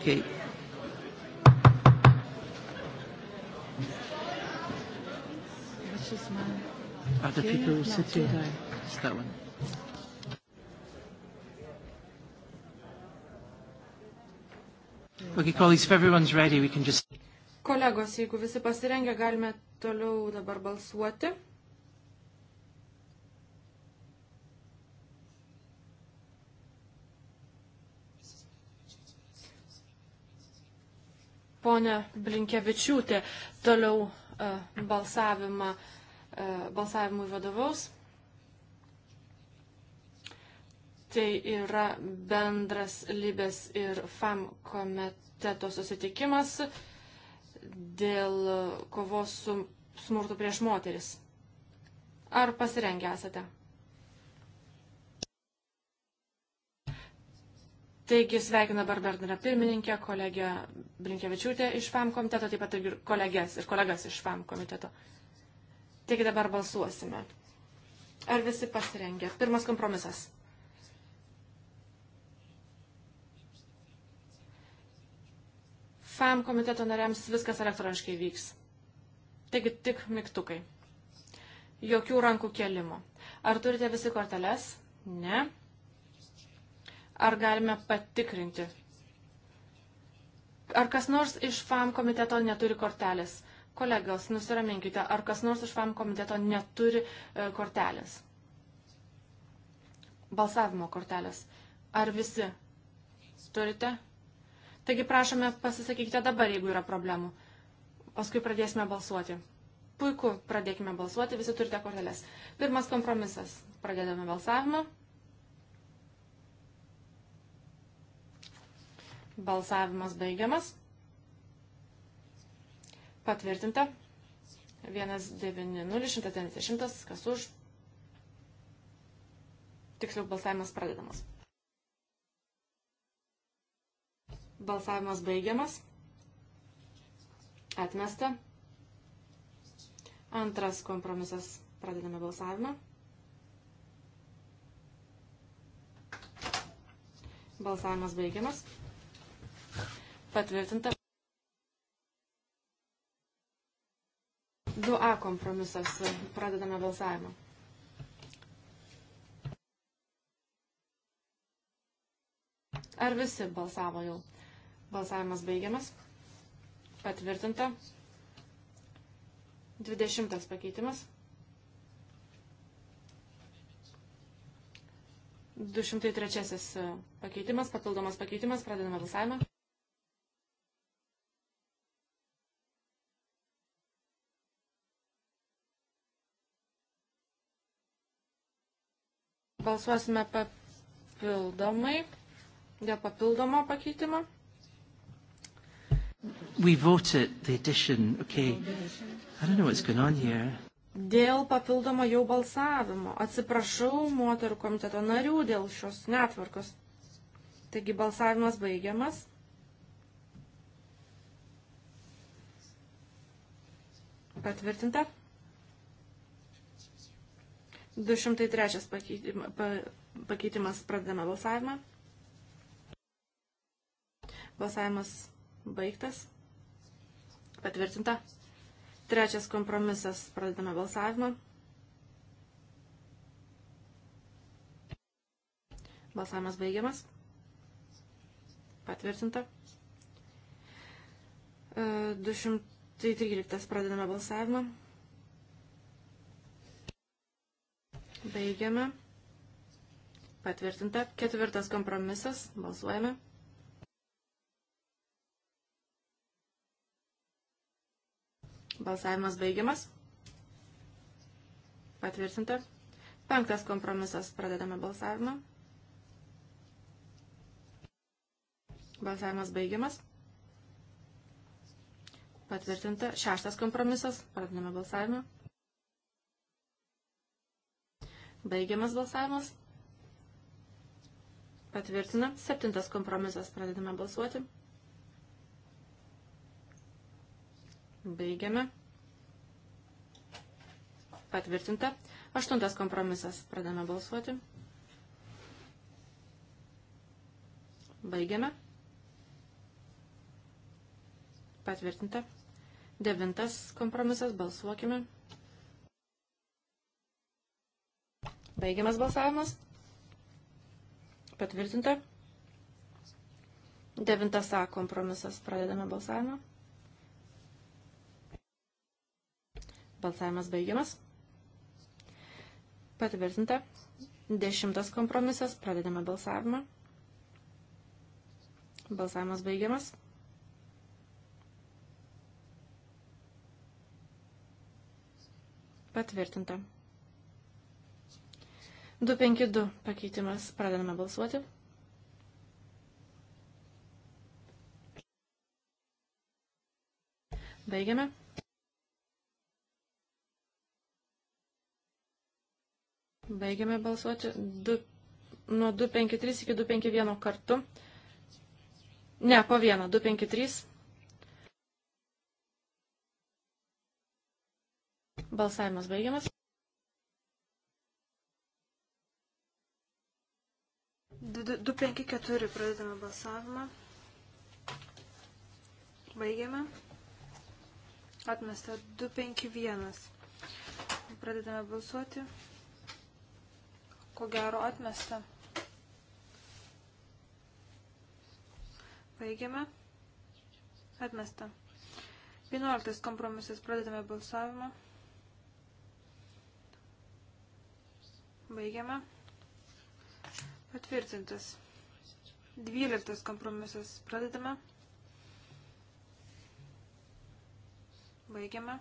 Okay. This is my. Other yeah, people yeah, sitting yeah. there. It's that one. Okay, colleagues, if everyone's ready, we can just. Kolegos, jeigu visi pasirengia, galime toliau dabar balsuoti. ponė Blinkevičiūtė toliau e, balsavimą, e, balsavimui vadovaus. Tai yra bendras Libės ir FAM komiteto susitikimas dėl kovos su smurtu prieš moteris. Ar pasirengę esate? Taigi sveikina Barberdina pirmininkė, kolegė Brinkevičiūtė iš FAM komiteto, taip pat ir kolegės ir kolegas iš FAM komiteto. Taigi dabar balsuosime. Ar visi pasirengę? Pirmas kompromisas. FAM komiteto nariams viskas elektroniškai vyks. Taigi tik mygtukai. Jokių rankų kelimo. Ar turite visi korteles? Ne. Ne. Ar galime patikrinti? Ar kas nors iš FAM komiteto neturi kortelės? Kolegos, nusiraminkite, ar kas nors iš FAM komiteto neturi e, kortelės? Balsavimo kortelės. Ar visi turite? Taigi prašome pasisakykite dabar, jeigu yra problemų. Paskui pradėsime balsuoti. Puiku, pradėkime balsuoti, visi turite korteles. Pirmas kompromisas. Pradedame balsavimą. Balsavimas baigiamas. Patvirtinta. 190, kas už. Tiksliau balsavimas pradedamas. Balsavimas baigiamas. Atmesta. Antras kompromisas. Pradedame balsavimą. Balsavimas baigiamas. Patvirtinta. 2A kompromisas. Pradedame balsavimą. Ar visi balsavo jau? Balsavimas baigiamas. Patvirtinta. 20 pakeitimas. 203 pakeitimas, papildomas pakeitimas, pradedame balsavimą. Balsuosime papildomai dėl papildomo pakeitimo. We voted the addition, okay. I don't know what's going on here. Dėl papildomo jau balsavimo. Atsiprašau moterų komiteto narių dėl šios netvarkos. Taigi balsavimas baigiamas. Patvirtinta. 203 pakeitima, pa, pakeitimas pradedame balsavimą. Balsavimas baigtas. Patvirtinta. Trečias kompromisas pradedame balsavimą. Balsavimas baigiamas. Patvirtinta. 213 e, pradedame balsavimą. Baigiame. Patvirtinta. Ketvirtas kompromisas. Balsuojame. Balsavimas baigiamas. Patvirtinta. Penktas kompromisas. Pradedame balsavimą. Balsavimas baigiamas. Patvirtinta. Šeštas kompromisas. Pradedame balsavimą. Baigiamas balsavimas. Patvirtina. Septintas kompromisas. Pradedame balsuoti. Baigiame. Patvirtinta. Aštuntas kompromisas. Pradedame balsuoti. Baigiame. Patvirtinta. Devintas kompromisas. Balsuokime. Baigiame. Baigiamas balsavimas. Patvirtinta. Devintas A kompromisas. Pradedame balsavimą. Balsavimas baigiamas. Patvirtinta. Dešimtas kompromisas. Pradedame balsavimą. Balsavimas baigiamas. Patvirtinta. 252 pakeitimas. Pradedame balsuoti. Baigiame. Baigiame balsuoti du, nuo 253 iki 251 kartu. Ne, po vieną. 253. Balsavimas baigiamas. 254 pradedame balsavimą. Baigiame. Atmesta 251. Pradedame balsuoti. Ko gero atmesta. Baigiame. Atmesta. 11 kompromisas. Pradedame balsavimą. Baigiame. Patvirtintas. Dvyliktas kompromisas. Pradedame. Baigiame.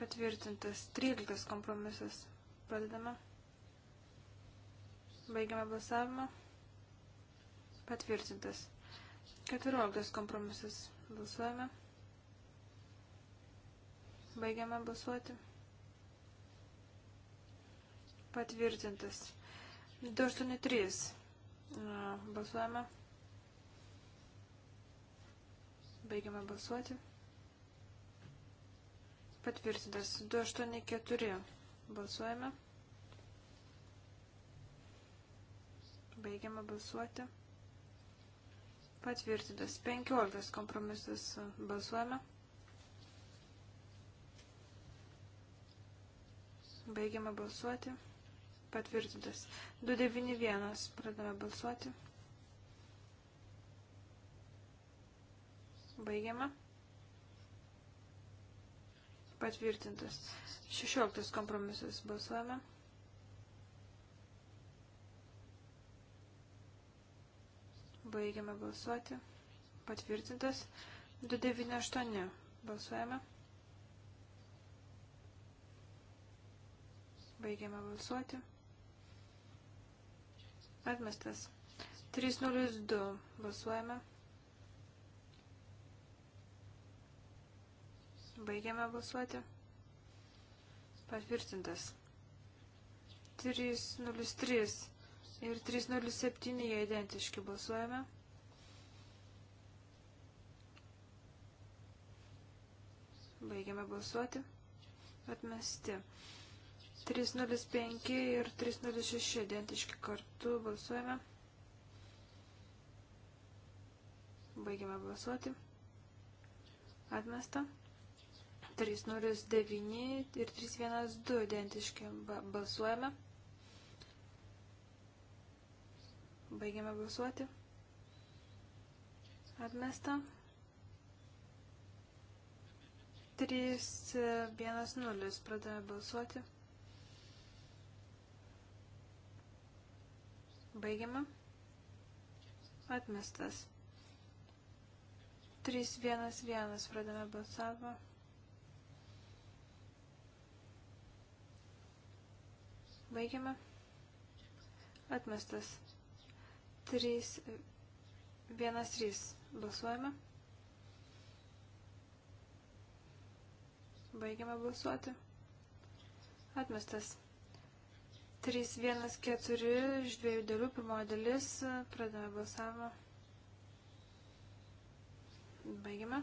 Patvirtintas. Tryliktas kompromisas. Pradedame. Baigiame balsavimą. Patvirtintas. Keturioliktas kompromisas. Balsuojame. Baigiame balsuoti patvirtintas. 283. Balsuojame. Baigiame balsuoti. Patvirtintas. 284. Balsuojame. Baigiame balsuoti. Patvirtintas. 15 kompromisas. Balsuojame. Baigiame balsuoti patvirtintas. 291 pradame balsuoti. Baigiame. Patvirtintas. 16 kompromisas balsuojame. Baigiame balsuoti. Patvirtintas. 298 balsuojame. Baigiame balsuoti. Atmestas. 302. Balsuojame. Baigiame balsuoti. Patvirtintas. 303 ir 307 jie identiški balsuojame. Baigiame balsuoti. Atmesti. 305 ir 306 identiški kartu balsuojame. Baigiame balsuoti. Atmesta. 309 ir 312 identiški balsuojame. Baigiame balsuoti. Atmesta. 310 pradėjome balsuoti. Baigiame. Atmestas. 3-1-1 pradame balsavimą. Baigiame. Atmestas. 3-1-3 balsuojame. Baigiame balsuoti. Atmestas. 314 iš dviejų dalių, pirmoji dalis, pradėjome balsavimą. Baigime.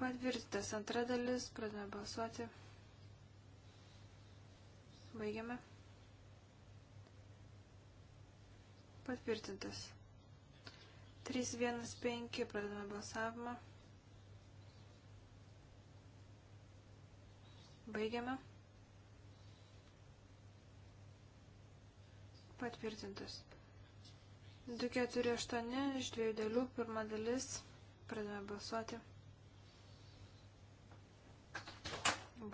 Patvirtintas antra dalis, pradėjome balsuoti. Baigime. Patvirtintas. 315, pradėjome balsavimą. Baigiame. patvirtintas. 248 iš dviejų dalių, pirma dalis, pradame balsuoti.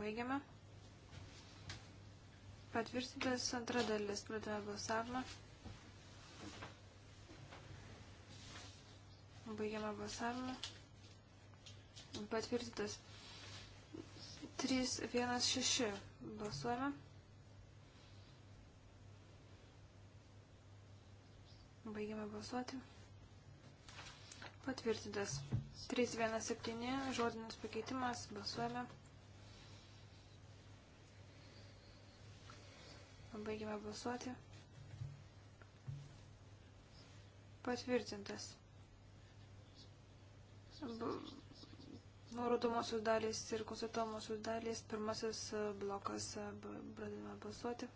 Baigiame. Patvirtintas antra dalis, pradame balsavimą. Baigiame balsavimą. Patvirtintas 316 balsuojame. Baigiame balsuoti. Patvirtintas. 317 žodinis pakeitimas. Balsuojame. Baigiame balsuoti. Patvirtintas. Nurodomosios dalys ir konsultuomosios dalys, pirmasis e, blokas e, pradėjome balsuoti.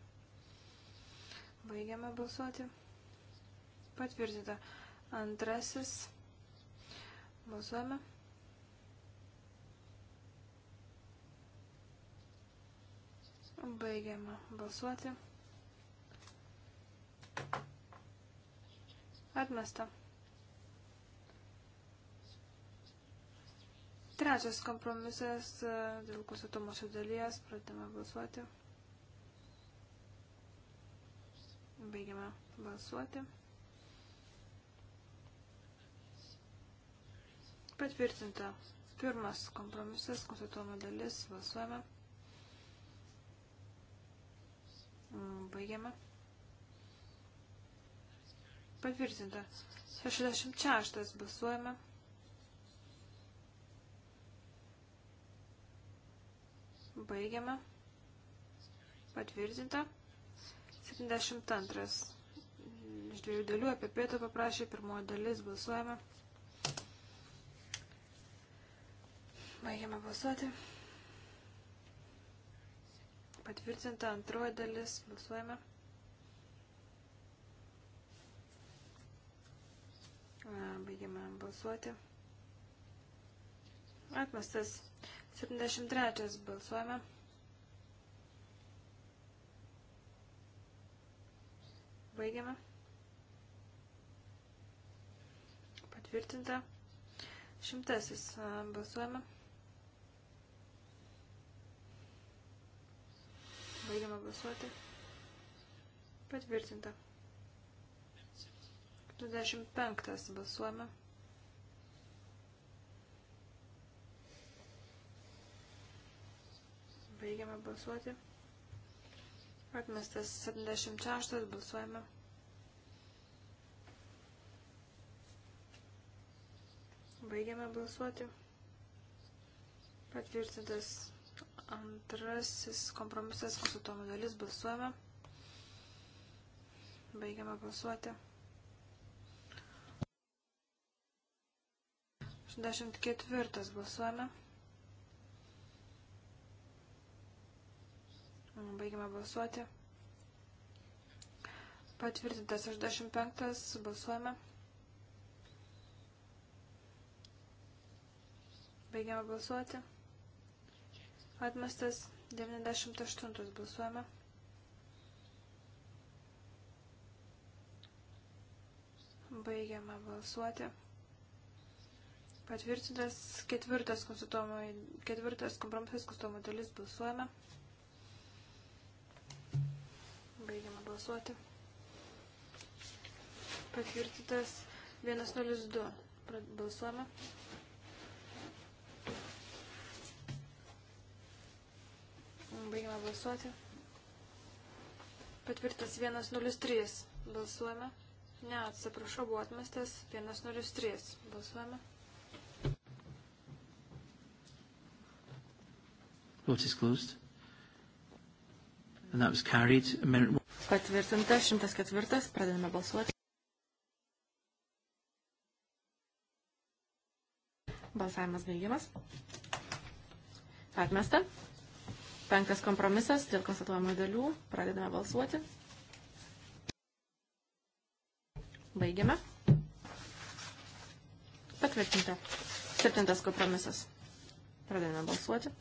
Baigiame balsuoti patvirtinta. Antrasis. Balsuojame. Baigiama balsuoti. Atmesta. Trečias kompromisas e, dėl konsultuomosios dalies. Pradame balsuoti. Baigiame balsuoti. Patvirtinta. Pirmas kompromisas, konstatuojama dalis, balsuojame. Mm, baigiame. Patvirtinta. 66 balsuojame. Baigiame. Patvirtinta. 72. Iš dviejų dalių apie pietų paprašė pirmoji dalis balsuojame. Baigiame balsuoti. Patvirtinta antroji dalis. Balsuojame. Baigiame balsuoti. Atmestas 73. Balsuojame. Baigiame. Patvirtinta. Šimtasis. Balsuojame. Baigiame balsuoti. Patvirtinta. 45 balsuojame. Baigiame balsuoti. Atmestas 76 balsuojame. Baigiame balsuoti. Patvirtintas Antrasis kompromisas konsultuojama dalis. Balsuojame. Baigiame balsuoti. 84 balsuojame. Baigiame balsuoti. Patvirtintas 85 balsuojame. Baigiame balsuoti. Atmestas 98 balsuojame. Baigiame balsuoti. Patvirtintas ketvirtas, ketvirtas kompromisas konstatuojama dalis balsuojame. Baigiame balsuoti. Patvirtintas 102 balsuojame. Baigiame balsuoti. Patvirtas 103. Balsuojame. Ne, atsiprašau, buvo atmestas 103. Balsuojame. Vote is closed. And that was carried. Amendment Patvirtinta 104. Pradedame balsuoti. Balsavimas baigiamas. Atmesta. Penktas kompromisas dėl konstatuojamų dalių. Pradedame balsuoti. Baigiame. Patvirtinta. Septintas kompromisas. Pradedame balsuoti.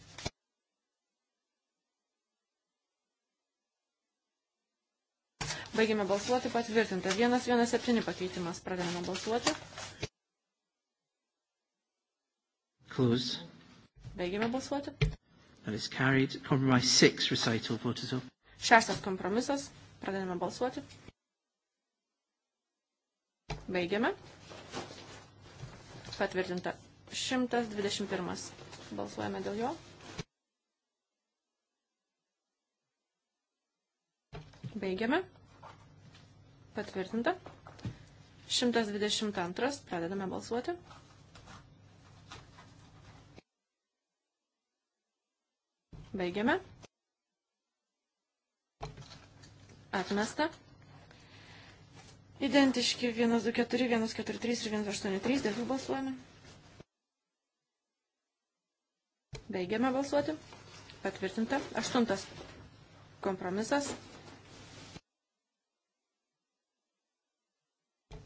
Baigiame balsuoti. Patvirtinta. 117 pakeitimas. Pradedame balsuoti. Close. Baigiame balsuoti. That is carried. Compromise 6 recital. Vote is open. Šeštas kompromisas. Pradedame balsuoti. Baigiame. Patvirtinta 121. Balsuojame dėl jo. Baigiame. Patvirtinta. 122. Pradedame balsuoti. Baigiame. Atmesta. Identiški 124, 143 ir 183. Dėl jų balsuojame. Baigiame balsuoti. Patvirtinta. Aštuntas kompromisas.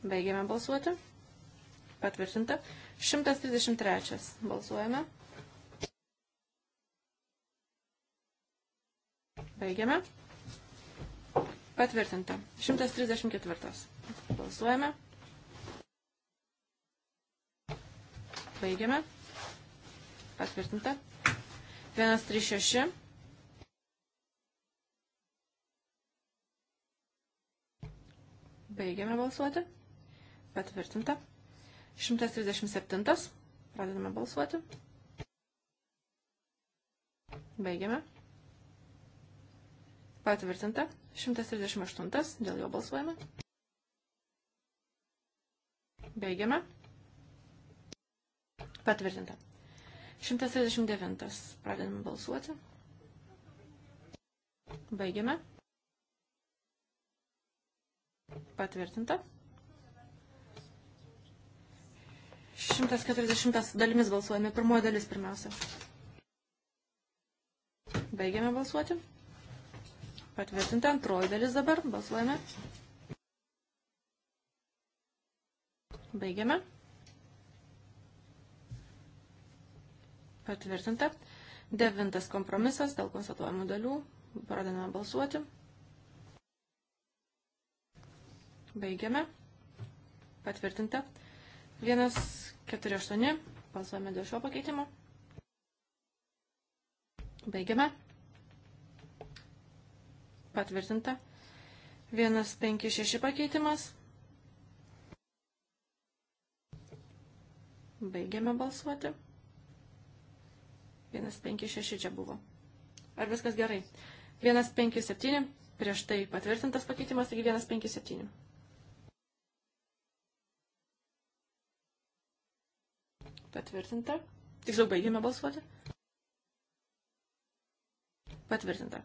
Baigiame balsuoti. Patvirtinta. 133. Balsuojame. Baigiame. Patvirtinta. 134. Balsuojame. Baigiame. Patvirtinta. 136. Baigiame balsuoti. Patvirtinta. 137. Pradedame balsuoti. Baigiame. Patvirtinta. 138. Dėl jo balsuojame. Baigiame. Patvirtinta. 139. Pradedame balsuoti. Baigiame. Patvirtinta. 140 dalimis balsuojame. Pirmoji dalis pirmiausia. Baigiame balsuoti patvirtinta antroji dalis dabar. Balsuojame. Baigiame. Patvirtinta. Devintas kompromisas dėl konstatuojamų dalių. Pradedame balsuoti. Baigiame. Patvirtinta. 148. Balsuojame dėl šio pakeitimo. Baigiame. Patvirtinta. 156 pakeitimas. Baigiame balsuoti. 156 čia buvo. Ar viskas gerai? 157 prieš tai patvirtintas pakeitimas, taigi 157. Patvirtinta. Tiksliau baigėme balsuoti. Patvirtinta.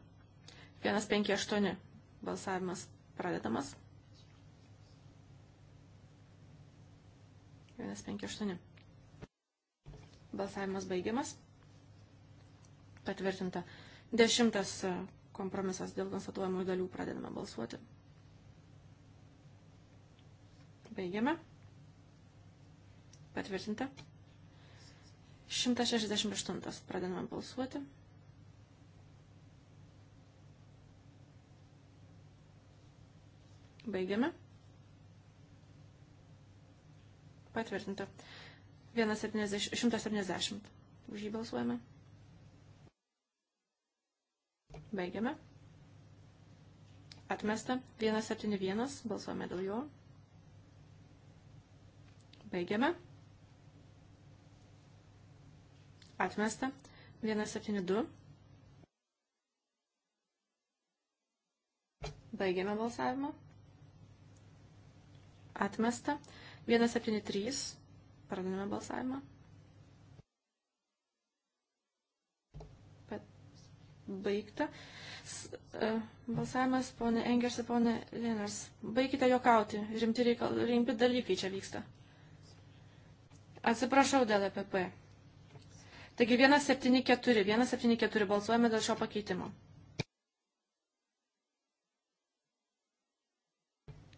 158 balsavimas pradedamas. 158. Balsavimas baigiamas. Patvirtinta. Dešimtas e, kompromisas dėl konstatuojamų dalių pradedame balsuoti. Baigiame. Patvirtinta. 168 pradedame balsuoti. Baigiame. Patvirtinta. 170. Už jį balsuojame. Baigiame. Atmesta. 171. Balsuojame dėl jo. Baigiame. Atmesta. 172. Baigiame balsavimą. Atmesta. 173. Pradedame balsavimą. Baigta. E, balsavimas, ponė Engers ir ponė Lenars. Baikite jokauti. Rimti, reikal, rimti dalykai čia vyksta. Atsiprašau dėl EPP. Taigi 174, 174 balsuojame dėl šio pakeitimo.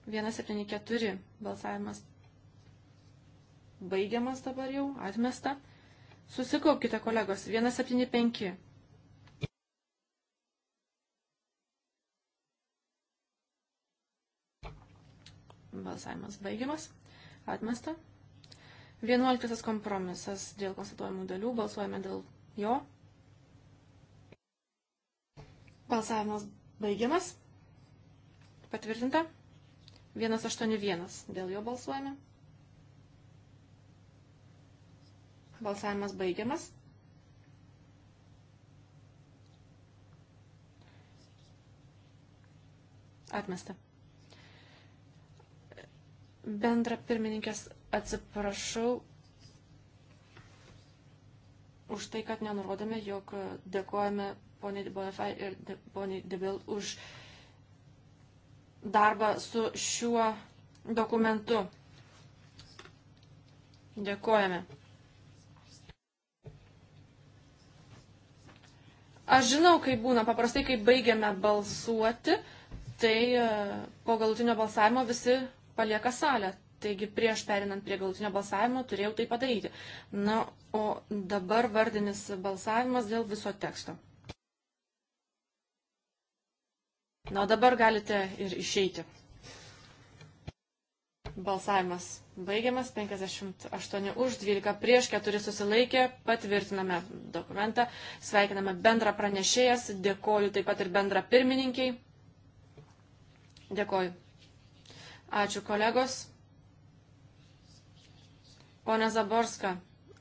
174 balsavimas baigiamas dabar jau, atmesta. Susikaupkite, kolegos, 175. Balsavimas baigiamas, atmesta. 11 kompromisas dėl konstatuojamų dalių, balsuojame dėl jo. Balsavimas baigiamas, patvirtinta. 181. Dėl jo balsuojame. Balsavimas baigiamas. Atmesta. Bendra pirmininkės atsiprašau už tai, kad nenurodėme, jog dėkojame poniai Bonifai ir poniai Debil už uh, darbą su šiuo dokumentu. Dėkojame. Aš žinau, kaip būna, paprastai, kai baigiame balsuoti, tai e, po galutinio balsavimo visi palieka salę. Taigi prieš perinant prie galutinio balsavimo turėjau tai padaryti. Na, o dabar vardinis balsavimas dėl viso teksto. Na, dabar galite ir išeiti. Balsavimas baigiamas, 58 už, 12 prieš, 4 susilaikė, patvirtiname dokumentą, sveikiname bendrą pranešėjas, dėkoju taip pat ir bendrą pirmininkiai. Dėkoju. Ačiū kolegos. Pone Zaborska,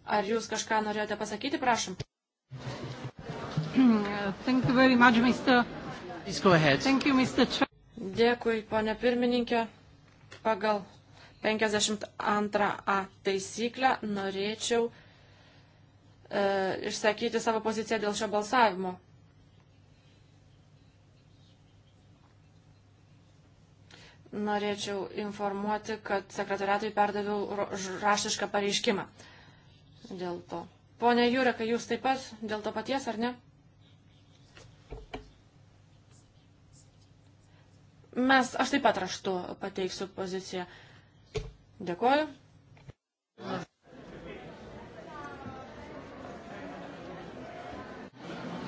ar jūs kažką norėjote pasakyti, prašom? Thank you very much, Mr. Dėkui, ponė pirmininkė. Pagal 52a taisyklę norėčiau e, išsakyti savo poziciją dėl šio balsavimo. norėčiau informuoti, kad sekretariatui perdaviau raštišką pareiškimą dėl to. Pone Jurekai, jūs taip pat dėl to paties, ar ne? Mes, aš taip pat raštu pateiksiu poziciją. Dėkuoju.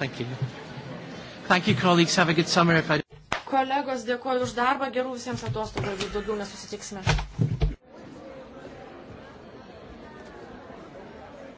Thank you. Thank you, colleagues. Have a good summer if I... Kolegos, dėkuoju už darbą. Gerų visiems atostogų, jeigu daugiau nesusitiksime.